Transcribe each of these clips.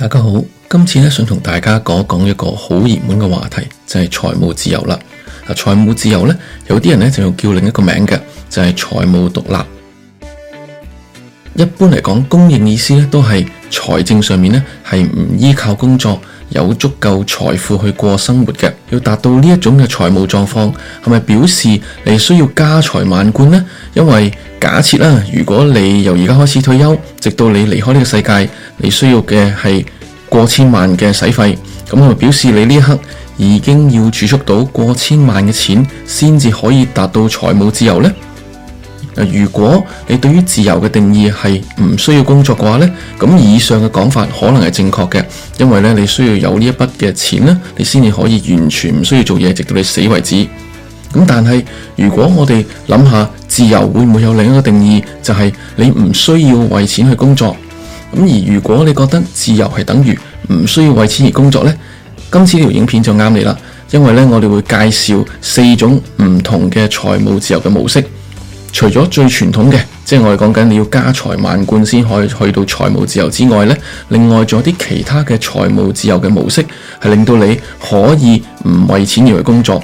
大家好，今次想同大家講一講一個好熱門嘅話題，就係財務自由啦。嗱，財務自由呢，有啲人就要叫另一個名嘅，就係財務獨立。一般嚟講，公認意思咧都係財政上面咧係唔依靠工作，有足夠財富去過生活嘅。要達到呢一種嘅財務狀況，係咪表示你需要家財萬貫呢？因為假設啦，如果你由而家開始退休，直到你離開呢個世界，你需要嘅係過千萬嘅使費，咁係咪表示你呢刻已經要儲蓄到過千萬嘅錢，先至可以達到財務自由呢？如果你對於自由嘅定義係唔需要工作嘅話呢，咁以上嘅講法可能係正確嘅，因為咧，你需要有呢一筆嘅錢咧，你先至可以完全唔需要做嘢，直到你死為止。咁但係如果我哋諗下自由會唔會有另一個定義，就係你唔需要為錢去工作。咁而如果你覺得自由係等於唔需要為錢而工作呢，今次呢條影片就啱你啦，因為呢，我哋會介紹四種唔同嘅財務自由嘅模式。除咗最傳統嘅，即係我哋講緊你要家財萬貫先可以去到財務自由之外呢，另外仲有啲其他嘅財務自由嘅模式，係令到你可以唔為錢而去工作。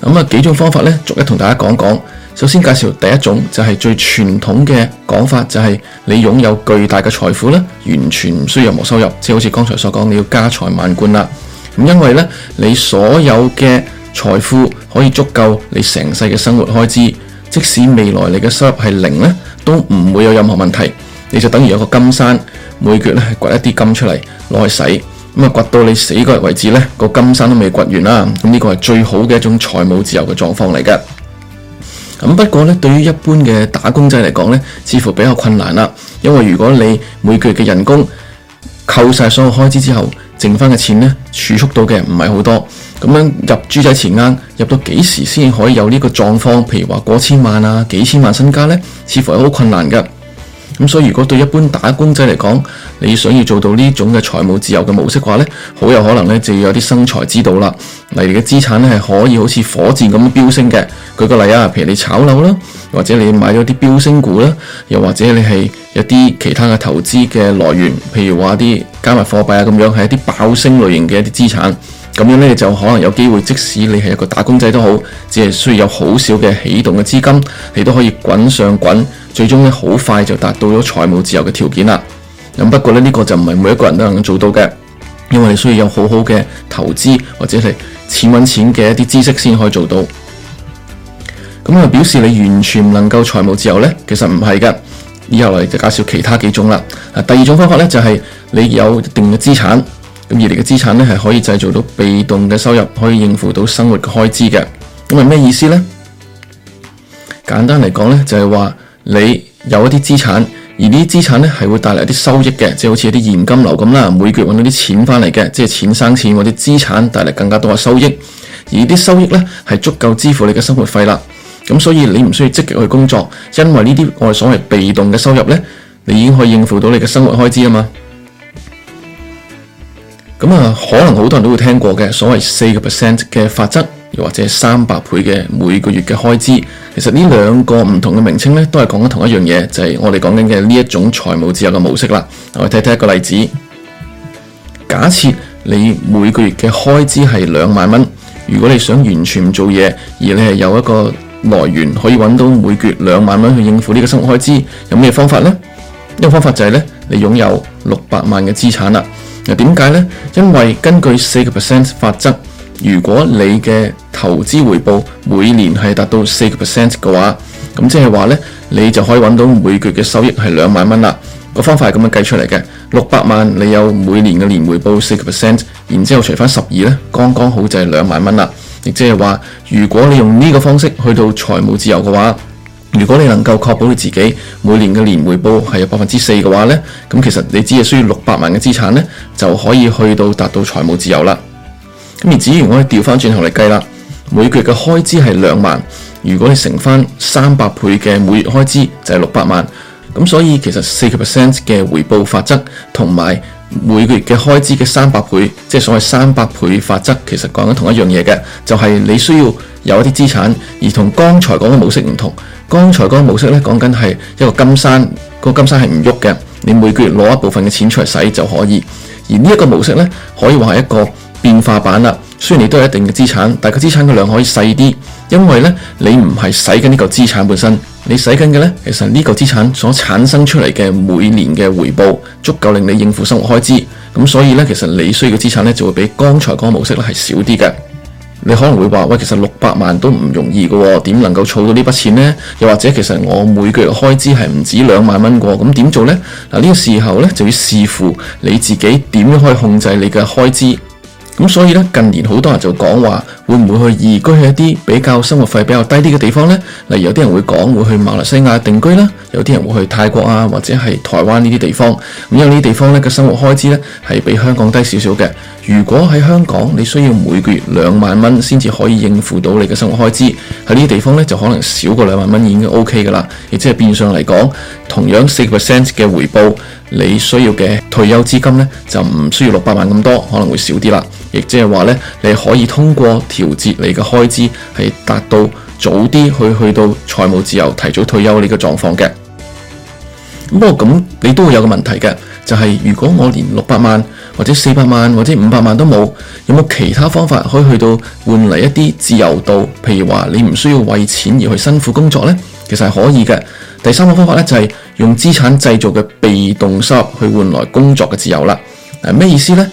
咁啊，幾種方法呢，逐一同大家講講。首先介紹第一種就係最傳統嘅講法，就係你擁有巨大嘅財富呢，完全唔需要有冇收入，即係好似剛才所講你要家財萬貫啦。咁因為呢，你所有嘅財富可以足夠你成世嘅生活開支。即使未來你嘅收入係零咧，都唔會有任何問題。你就等於有個金山，每月掘一啲金出嚟攞去使。咁啊，掘到你死嗰日為止，呢個金山都未掘完啦。咁呢個係最好嘅一種財務自由嘅狀況嚟嘅。咁不過咧，對於一般嘅打工仔嚟講呢，似乎比較困難啦。因為如果你每個月嘅人工扣曬所有開支之後，剩翻嘅錢呢，儲蓄到嘅唔係好多，咁樣入豬仔錢啱入到幾時先可以有呢個狀況？譬如話過千萬啊，幾千萬身家呢，似乎係好困難嘅。咁、嗯、所以如果對一般打工仔嚟講，你想要做到呢種嘅財務自由嘅模式嘅話咧，好有可能咧就要有啲生財之道啦。例如嘅資產咧係可以好似火箭咁樣飆升嘅。舉個例啊，譬如你炒樓啦，或者你買咗啲飆升股啦，又或者你係一啲其他嘅投資嘅來源，譬如話一啲加密貨幣啊咁樣，係一啲爆升類型嘅一啲資產。咁樣呢，就可能有機會，即使你係一個打工仔都好，只係需要有好少嘅起動嘅資金，你都可以滾上滾，最終呢，好快就達到咗財務自由嘅條件啦。咁不過咧呢、呢個就唔係每一個人都能夠做到嘅，因為你需要有好好嘅投資或者係錢揾錢嘅一啲知識先可以做到。咁就表示你完全唔能夠財務自由呢，其實唔係嘅。以後嚟就介紹其他幾種啦。第二種方法呢，就係、是、你有一定嘅資產。而你嘅資產咧，係可以製造到被動嘅收入，可以應付到生活嘅開支嘅。咁係咩意思呢？簡單嚟講咧，就係話你有一啲資產，而啲資產咧係會帶嚟一啲收益嘅，即好似一啲現金流咁啦，每個月揾到啲錢返嚟嘅，即係錢生錢或者資產帶嚟更加多嘅收益。而啲收益呢，係足夠支付你嘅生活費啦。咁所以你唔需要積極去工作，因為呢啲我所謂被動嘅收入呢，你已經可以應付到你嘅生活開支啊嘛。咁可能好多人都會聽過嘅所謂四個 percent 嘅法則，又或者三百倍嘅每個月嘅開支，其實呢兩個唔同嘅名稱都係講緊同一樣嘢，就係我哋講緊嘅呢一種財務自由嘅模式啦。我哋睇睇一個例子，假設你每個月嘅開支係兩萬蚊，如果你想完全唔做嘢，而你係有一個來源可以搵到每個月兩萬蚊去應付呢個生活開支，有咩方法呢？一個方法就係你擁有六百萬嘅資產啦。嗱，點解呢？因為根據四個 percent 法則，如果你嘅投資回報每年係達到四個 percent 嘅話，咁即係話咧，你就可以搵到每個月嘅收益係兩萬蚊啦。個方法係咁樣計出嚟嘅，六百萬你有每年嘅年回報四個 percent，然之後除翻十二呢，剛剛好就係兩萬蚊啦。亦即係話，如果你用呢個方式去到財務自由嘅話。如果你能夠確保你自己每年嘅年回報係有百分之四嘅話呢，咁其實你只係需要六百萬嘅資產呢，就可以去到達到財務自由啦。咁而至於我哋調翻轉頭嚟計啦，每個月嘅開支係兩萬，如果你乘翻三百倍嘅每月開支就係六百萬。咁所以其實四個 percent 嘅回報法則同埋每個月嘅開支嘅三百倍，即係所謂三百倍法則，其實講緊同一樣嘢嘅，就係你需要有一啲資產，而同剛才講嘅模式唔同。剛才嗰個模式咧，講緊係一個金山，個金山係唔喐嘅。你每個月攞一部分嘅錢出嚟使就可以。而呢一個模式呢，可以話係一個變化版啦。雖然你都有一定嘅資產，但係佢資產嘅量可以細啲，因為呢，你唔係使緊呢嚿資產本身，你使緊嘅咧，其實呢個資產所產生出嚟嘅每年嘅回報，足夠令你應付生活開支。咁所以呢，其實你需要嘅資產呢，就會比剛才嗰個模式呢係少啲嘅。你可能會話：喂，其實六百萬都唔容易嘅喎，點能夠儲到呢筆錢呢？又或者其實我每個月開支係唔止兩萬蚊㗎喎，咁點做咧？嗱，呢個時候咧就要視乎你自己點可以控制你嘅開支。咁所以咧，近年好多人就講話，會唔會去移居去一啲比較生活費比較低啲嘅地方呢？例如有啲人會講會去馬來西亞定居啦，有啲人會去泰國啊，或者係台灣呢啲地方。咁有啲地方咧嘅生活開支咧係比香港低少少嘅。如果喺香港你需要每個月兩萬蚊先至可以應付到你嘅生活開支，喺呢啲地方咧就可能少過兩萬蚊已經 OK 噶啦。亦即係變相嚟講，同樣四個 percent 嘅回報。你需要嘅退休資金呢，就唔需要六百萬咁多，可能會少啲啦。亦即係話呢，你可以通過調節你嘅開支，係達到早啲去去到財務自由、提早退休呢個狀況嘅、嗯。不過咁，你都會有個問題嘅，就係、是、如果我連六百萬或者四百萬或者五百萬都冇，有冇其他方法可以去到換嚟一啲自由度？譬如話你唔需要為錢而去辛苦工作呢？其實係可以嘅。第三個方法咧就係用資產製造嘅被動收入去換來工作嘅自由啦。誒，咩意思呢？呢、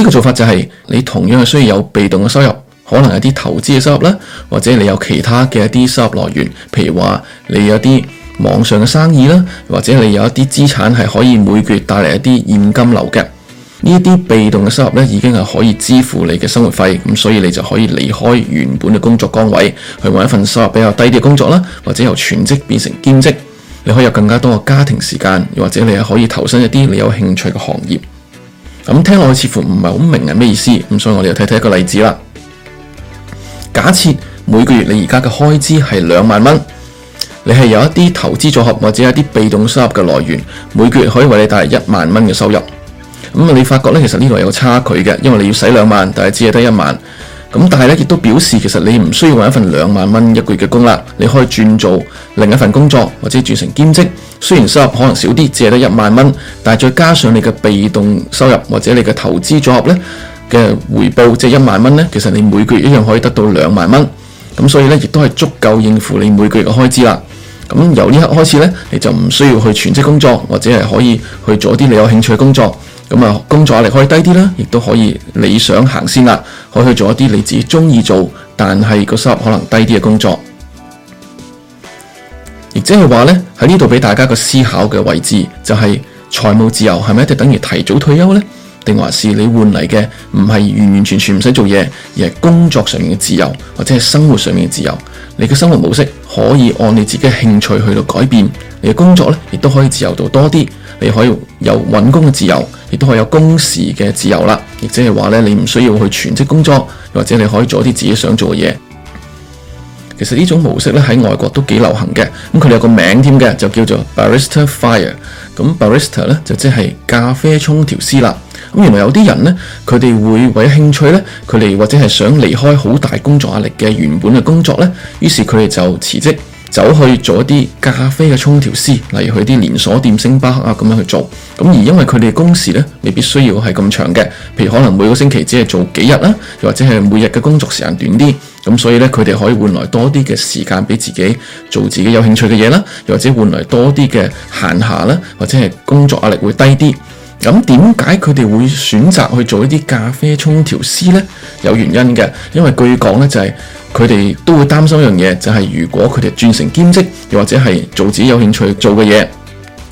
呢個做法就係你同樣係需要有被動嘅收入，可能係啲投資嘅收入啦，或者你有其他嘅一啲收入來源，譬如話你有啲網上嘅生意啦，或者你有一啲資產係可以每個月帶嚟一啲現金流嘅。呢啲被動嘅收入已經係可以支付你嘅生活費，咁所以你就可以離開原本嘅工作崗位，去揾一份收入比較低啲嘅工作啦，或者由全職變成兼職，你可以有更加多嘅家庭時間，又或者你可以投身一啲你有興趣嘅行業。咁、嗯、聽落似乎唔係好明係咩意思，咁所以我哋嚟睇睇一個例子啦。假設每個月你而家嘅開支係兩萬蚊，你係有一啲投資組合或者一啲被動收入嘅來源，每個月可以為你帶嚟一萬蚊嘅收入。咁你發覺咧，其實呢度有差距嘅，因為你要使兩萬，但係只係得一萬。咁但係咧，亦都表示其實你唔需要揾一份兩萬蚊一個月嘅工啦。你可以轉做另一份工作，或者轉成兼職。雖然收入可能少啲，只係得一萬蚊，但係再加上你嘅被動收入或者你嘅投資組合咧嘅回報，即係一萬蚊咧，其實你每個月一樣可以得到兩萬蚊。咁所以咧，亦都係足夠應付你每個月嘅開支啦。咁由呢刻開始咧，你就唔需要去全職工作，或者係可以去做啲你有興趣嘅工作。工作壓力可以低啲啦，亦都可以你想行先啦，可以去做一啲你自己中意做，但係個收入可能低啲嘅工作。亦即係話咧，喺呢度俾大家個思考嘅位置，就係、是、財務自由係咪一定等於提早退休咧？定還是你換嚟嘅唔係完完全全唔使做嘢，而係工作上面嘅自由，或者係生活上面嘅自由？你嘅生活模式可以按你自己嘅興趣去到改變。你嘅工作呢，亦都可以自由度多啲，你可以有揾工嘅自由，亦都可以有工時嘅自由啦。亦即係話呢，你唔需要去全職工作，或者你可以做一啲自己想做嘅嘢。其實呢種模式呢，喺外國都幾流行嘅。咁佢哋有個名添嘅，就叫做 Barista Fire。咁 Barista 呢就即係咖啡沖調師啦。咁原來有啲人呢，佢哋會為咗興趣呢，佢哋或者係想離開好大工作壓力嘅原本嘅工作呢，於是佢哋就辭職。走去做一啲咖啡嘅沖調師，例如去啲連鎖店星巴克啊咁樣去做。咁而因為佢哋工時呢，未必需要係咁長嘅，譬如可能每個星期只係做幾日啦，又或者係每日嘅工作時間短啲。咁所以呢，佢哋可以換來多啲嘅時間俾自己做自己有興趣嘅嘢啦，又或者換來多啲嘅閒暇啦，或者係工作壓力會低啲。咁點解佢哋會選擇去做一啲咖啡沖調師呢？有原因嘅，因為據講呢、就是，就係佢哋都會擔心一樣嘢，就係、是、如果佢哋轉成兼職，又或者係做自己有興趣做嘅嘢，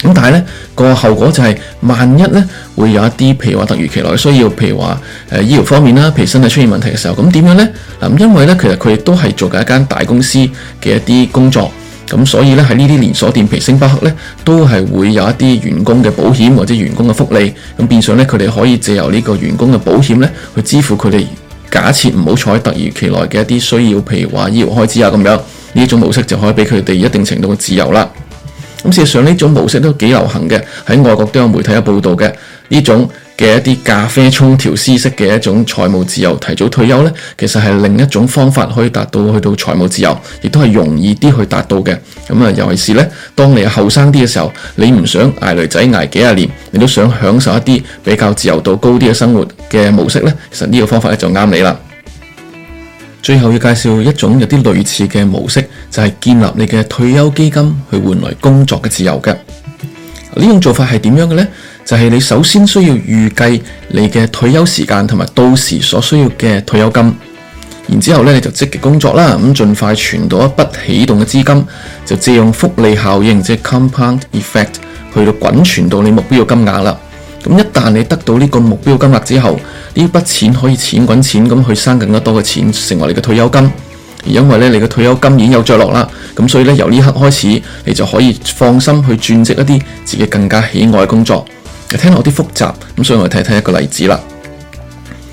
咁但係呢，個後果就係、是、萬一呢會有一啲譬如話突如其來需要，譬如話誒、呃、醫療方面啦，譬如身體出現問題嘅時候，咁點樣咧？嗱，因為呢，其實佢哋都係做緊一間大公司嘅一啲工作。咁所以咧喺呢啲連鎖店，譬如星巴克咧，都係會有一啲員工嘅保險或者員工嘅福利，咁變相咧佢哋可以借由呢個員工嘅保險咧去支付佢哋假設唔好彩突如其來嘅一啲需要，譬如話醫療開支啊咁樣，呢種模式就可以俾佢哋一定程度嘅自由啦。咁事實上呢種模式都幾流行嘅，喺外國都有媒體有報道嘅呢種嘅一啲咖啡沖調師式嘅一種財務自由提早退休呢，其實係另一種方法可以達到去到財務自由，亦都係容易啲去達到嘅。咁、嗯、啊，尤其是呢，當你後生啲嘅時候，你唔想挨騾仔挨幾十年，你都想享受一啲比較自由度高啲嘅生活嘅模式呢，其實呢個方法呢就啱你啦。最後要介紹一種有啲類似嘅模式，就係、是、建立你嘅退休基金去換來工作嘅自由嘅。呢種做法係點樣嘅呢？就係你首先需要預計你嘅退休時間，同埋到時所需要嘅退休金。然之後咧，你就積極工作啦，咁盡快存到一筆啟動嘅資金，就借用複利效應，即係 compound effect，去到滾存到你目標嘅金額啦。咁一旦你得到呢個目標金額之後，呢筆錢可以錢滾錢咁去生更加多嘅錢，成為你嘅退休金。而因為咧，你嘅退休金已經有着落啦，咁所以呢，由呢刻開始，你就可以放心去轉職一啲自己更加喜愛嘅工作。聽落啲複雜，咁所以我哋睇睇一個例子啦。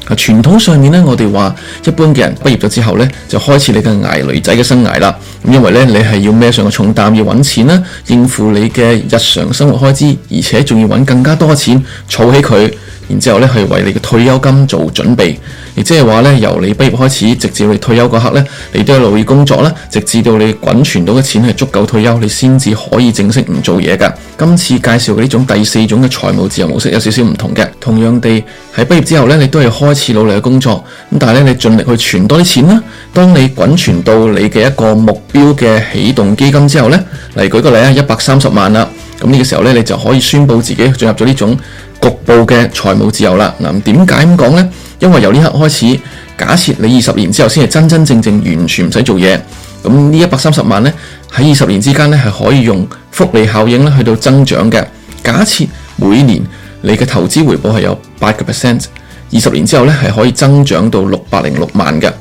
啊，傳統上面咧，我哋話一般嘅人畢業咗之後咧，就開始你嘅捱女仔嘅生涯啦。咁因為咧，你係要孭上個重擔，要揾錢啦，應付你嘅日常生活開支，而且仲要揾更加多錢，儲起佢。然之後咧，係為你嘅退休金做準備，而即係話咧，由你畢業開始，直至你退休嗰刻咧，你都要努力工作啦，直至到你滾存到嘅錢係足夠退休，你先至可以正式唔做嘢噶。今次介紹嘅呢種第四種嘅財務自由模式有少少唔同嘅，同樣地喺畢業之後咧，你都係開始努力嘅工作，咁但係咧，你盡力去存多啲錢啦。當你滾存到你嘅一個目標嘅啟動基金之後咧，嚟舉個例啊，一百三十萬啦，咁呢個時候咧，你就可以宣布自己進入咗呢種。局部嘅財務自由啦，嗱，點解咁講呢？因為由呢刻開始，假設你二十年之後先係真真正正完全唔使做嘢，咁呢一百三十萬呢，喺二十年之間呢，係可以用複利效應咧去到增長嘅。假設每年你嘅投資回報係有八個 percent，二十年之後呢，係可以增長到六百零六萬嘅。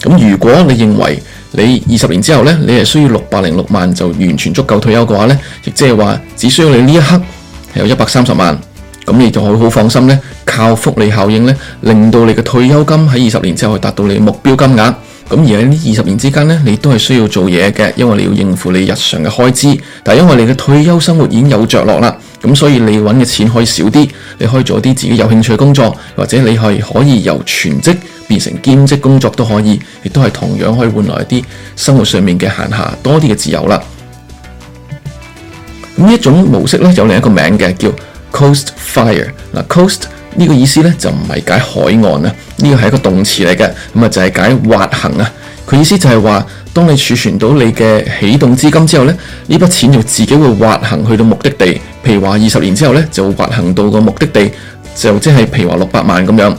咁如果你認為你二十年之後呢，你係需要六百零六萬就完全足夠退休嘅話呢，亦即係話只需要你呢一刻係有一百三十萬。咁你就可以好放心咧，靠複利效應咧，令到你嘅退休金喺二十年之後去達到你目標金額。咁而喺呢二十年之間咧，你都係需要做嘢嘅，因為你要應付你日常嘅開支。但係因為你嘅退休生活已經有着落啦，咁所以你揾嘅錢可以少啲，你可以做啲自己有興趣嘅工作，或者你係可以由全職變成兼職工作都可以，亦都係同樣可以換來一啲生活上面嘅閒暇多啲嘅自由啦。咁呢一種模式咧，有另一個名嘅叫 Coast fire 嗱，coast 呢個意思咧就唔係解海岸啦，呢、這個係一個動詞嚟嘅，咁啊就係、是、解滑行啊。佢意思就係話，當你儲存到你嘅啟動資金之後咧，呢筆錢就自己會滑行去到目的地，譬如話二十年之後咧就會滑行到個目的地，就即係譬如話六百萬咁樣。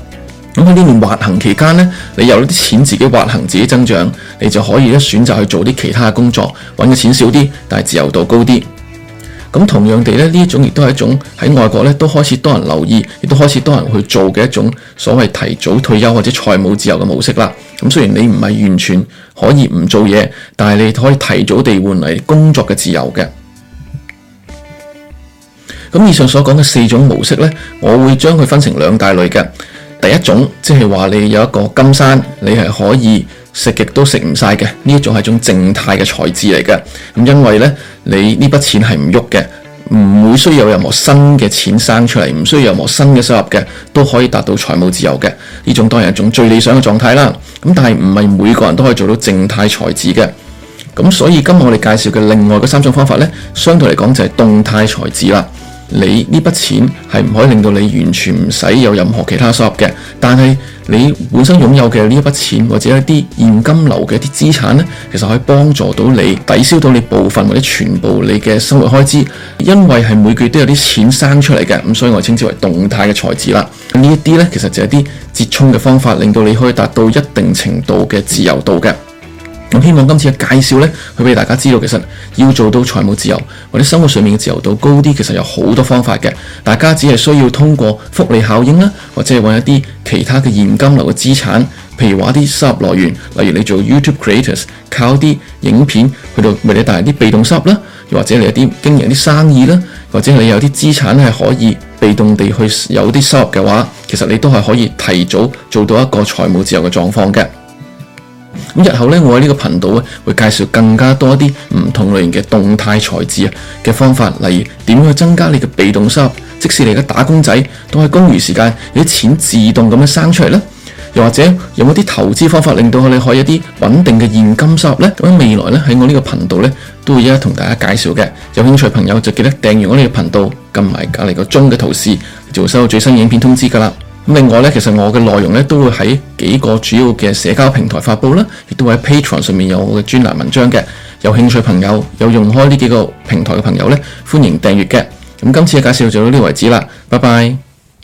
咁喺呢段滑行期間咧，你有啲錢自己滑行自己增長，你就可以咧選擇去做啲其他嘅工作，揾嘅錢少啲，但係自由度高啲。咁同樣地呢，呢一種亦都係一種喺外國呢都開始多人留意，亦都開始多人去做嘅一種所謂提早退休或者財務自由嘅模式啦。咁雖然你唔係完全可以唔做嘢，但係你可以提早地換嚟工作嘅自由嘅。咁以上所講嘅四種模式呢，我會將佢分成兩大類嘅。第一種，即係話你有一個金山，你係可以，食極都食唔晒嘅呢，一種係一種靜態嘅財自嚟嘅。咁因為咧，你呢筆錢係唔喐嘅，唔會需要有任何新嘅錢生出嚟，唔需要任何新嘅收入嘅，都可以達到財務自由嘅。呢種當然係一種最理想嘅狀態啦。咁但係唔係每個人都可以做到靜態財自嘅。咁所以今日我哋介紹嘅另外嘅三種方法咧，相對嚟講就係動態財自啦。你呢筆錢係唔可以令到你完全唔使有任何其他收入嘅，但係你本身擁有嘅呢一筆錢或者一啲現金流嘅一啲資產呢，其實可以幫助到你抵消到你部分或者全部你嘅生活開支，因為係每個月都有啲錢生出嚟嘅，咁所以我稱之為動態嘅財自啦。咁呢一啲呢，其實就係一啲折衷嘅方法，令到你可以達到一定程度嘅自由度嘅。咁希望今次嘅介紹呢，去俾大家知道，其實要做到財務自由或者生活上面嘅自由度高啲，其實有好多方法嘅。大家只係需要通過複利效應啦，或者係揾一啲其他嘅現金流嘅資產，譬如話一啲收入來源，例如你做 YouTube Creators，靠啲影片去到為你帶嚟啲被動收入啦，又或者你有啲經營啲生意啦，或者，些些或者你有啲資產係可以被動地去有啲收入嘅話，其實你都係可以提早做到一個財務自由嘅狀況嘅。日後我喺呢個頻道咧，會介紹更加多一啲唔同類型嘅動態財智啊嘅方法，例如點去增加你嘅被動收入，即使你係打工仔都喺工餘時間，啲錢自動咁樣生出嚟。又或者有冇一啲投資方法令到你可以有一啲穩定嘅現金收入呢？咁未來咧，喺我呢個頻道都會一一同大家介紹嘅，有興趣的朋友就記得訂閱我呢個頻道，撳埋隔籬個鐘嘅圖示，就會收到最新影片通知噶啦。另外咧，其實我嘅內容咧都會喺幾個主要嘅社交平台發布啦，亦都會喺 Patreon 上面有我嘅專欄文章嘅。有興趣朋友，有用開呢幾個平台嘅朋友咧，歡迎訂閱嘅。咁今次嘅介紹就到呢個位置啦，拜拜。